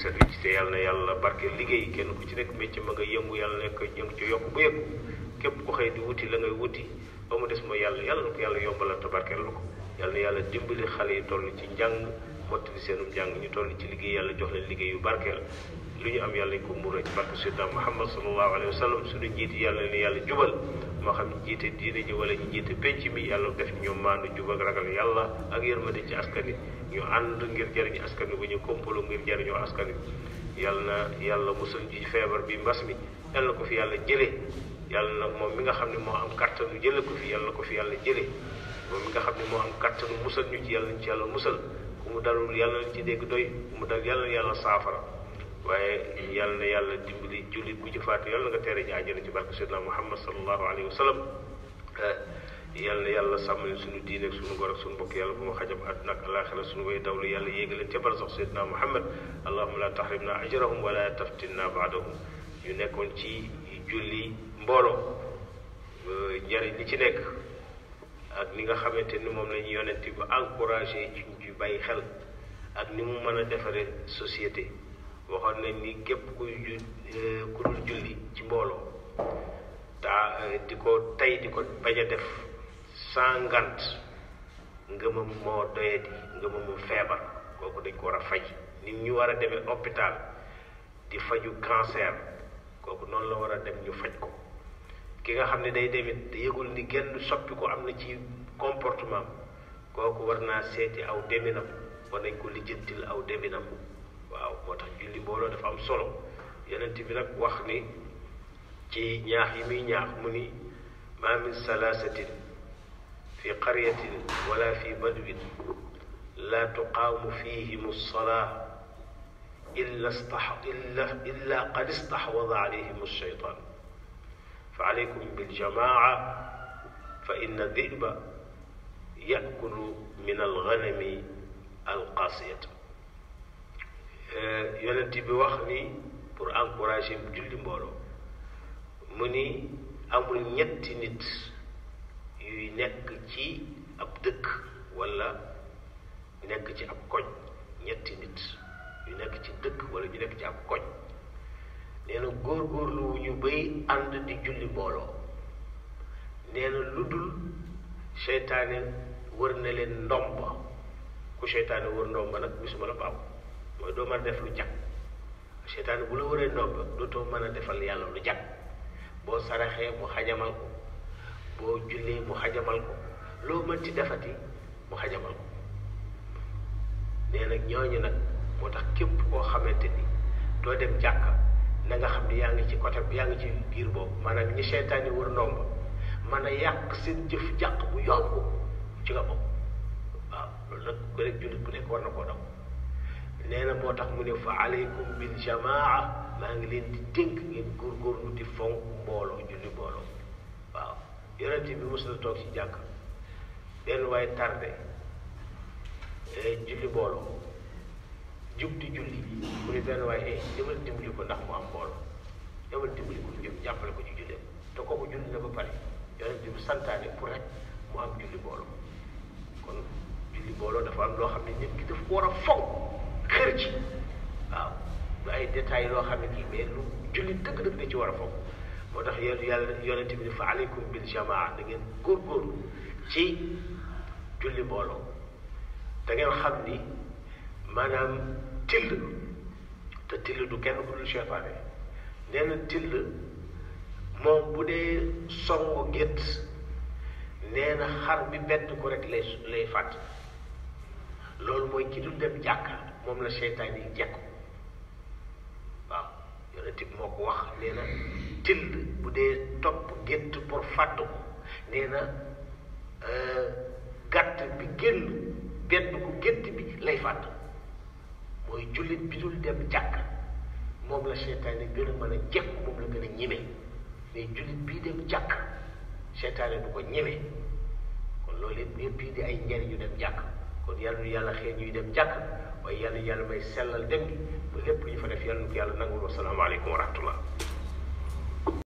seen gisee yàlla na yàlla barke liggéey kenn ku ci nekk métier ma nga yëngu yàlla nekk yëngu ci yokk bu yëngu képp ku xëy di wuti la ngay wuti ba mu des mooy yàlla yàlla na ko yàlla yombalal te barkeel la ko yàlla yàlla dimbali xale yi toll ci njàng mottali seenum njàng ñu toll ci liggéey yàlla jox leen liggéey yu barkeel lu ñu am yàlla nañ ko muuree ci barke Seydina Muhammad sallallahu alayhi wa sallam suñu jiite yàlla na yàlla jubal moo xam ñu jiite diine ji wala ñu jiite penc mi yàlla def ñoom maandu jub ak ragal yàlla ak yërmande ci askan wi ñu ànd ngir jëriñu askan wi bu ñu kompolo ngir jëriñoo askan wi yàlla na yàlla musal ji feebar bi mbas mi yàlla ko fi yàlla jëlee yàlla na moom mi nga xam ne moo am kàttanu jëlee ko fi yàlla ko fi yàlla jëlee moom mi nga xam ne moo am kàttanu musal ñu ci yàlla ci yàlla mu dalul yàlla ci dégg doy ku mu dal yàlla yàlla saafara waaye yal na yàlla dimbali jullit bu ci faatu yal na nga teere ji àjjana ci barke seydina muhammad sallallahu alayhi wa sallam eh, yal na yàlla sàmmali suñu diine ak suñu ngor ak suñu mbokk yàlla bu ma xajab àdduna ak alaaxira suñu way dawlu yàlla yéegi leen ca barsax seydina muhammad allahuma la tahrimna ajrahum wala taftinna baadahum ñu nekkoon ci julli mbooloo jariñ li ci nekk ak ni nga xamante ni moom la ñu yonente bi encouragé ci ñu bàyyi xel ak ni mu mën a defaree société waxoon nañ ni képp kuy ju eh, ku dul julli ci mbooloo ta eh, di ko tey di ko bañ a def sans ngant moo doyadi ngëmamu feebar kooku dañ ko war a faj nit ñu war a demee hôpital di faju cancer kooku noonu la war a dem ñu faj ko ki nga xam ne day demit yëgul ni gën soppi ko am na ci comportement kooku war naa seeti aw deminam war nañ ko lijjantil aw deminam waaw moo tax julli mbooloo dafa am solo yonent bi nag wax ni ci ñaax yi muy ñaax mu ni maa min salaasatin fi qaryatin wala fi badwin laa tuqaamu fihimu salaa illa stax illa illa qad istaxwada alayhim alsheytaan fa alaykum biljamaa fa inna diba yakulu min alganami alqaasiyata yonent bi wax ni pour encourager julli mbooloo mu ni amul ñetti nit yuy nekk ci ab dëkk walla nekk ci ab koñ ñetti nit yu nekk ci dëkk walla ñu nekk ci ab koñ nee na góorgóorlu ñu bay ànd di julli mbooloo nee lu dul seytaane wër na leen ndomba ku seytaane wër ndomba nag bisuma la baaw mooy doo mën def lu jag seytaane bu la waree nopp dootoo mën a defal yàlla lu jag boo saraxee mu xajamal ko boo jullee mu xajamal ko loo mën ci defati mu xajamal ko nee nag ñooñu nag moo tax képp koo xamante ni doo dem jàkka nanga xam ne yaa ngi ci côté yaa ngi ci giir boobu maanaam ñi ngi yi wër ndomb mën a yàq seen jëf jàq bu yomb ci nga bokk waaw loolu nag ku nekk bu nekk war na koo daw nee na moo tax mu ne fa aleykum bil jamaa maa ngi leen di dénk ngeen góorgóorlu di fonk mbooloo julli mbooloo waaw yonente bi mos na toog ci jàkk benn waaye tardé eh, julli boolo jug di julli mu ne benn waaye eh demal dimbali ko ndax mu am mbooloo demal dimbali ko jëm jàppale ko ci julleem te kooku julli na ba pare yonente bi santaane pour rek julli mbooloo kon julli mbooloo dafa am loo xam ne nit ki daf ko xër ci waaw lu ay détails loo xam ne kii mais lu jullit dëgg-dëgg da ci war a foog moo tax yéen yàlla yonente bi ne fa aleykum bil jamaa da ngeen góorgóorlu ci julli mbooloo da ngeen xam ni maanaam till te till du kenn ku dul cheytaane nee na till moom bu dee songu gétt nee xar bi bett ko rek lay lay fàtt loolu mooy ki dul dem jàkka moom la seytaan yi jekku waaw yonent bi moo ko wax nee na tind bu dee topp gétt pour fàdd ko nee na euh, gàtt bi génn bedd ko gétt bi lay fàdd mooy jullit bi dul dem jàkk moom la seytaan yi gën a mën a jekku moom la gën a ñime mais jullit bii dem jàkk seytaane du ko ñeme kon loolu it yëpp yi di ay njariñ yu dem jàkk kon yàlla nu yàlla xëy ñuy dem jàkk waaye yàlla yàlla may sellal dem gi ba lépp lu ñu fa def yàlla nu ko yàlla nangul wasalaamaaleykum wa rahmatullah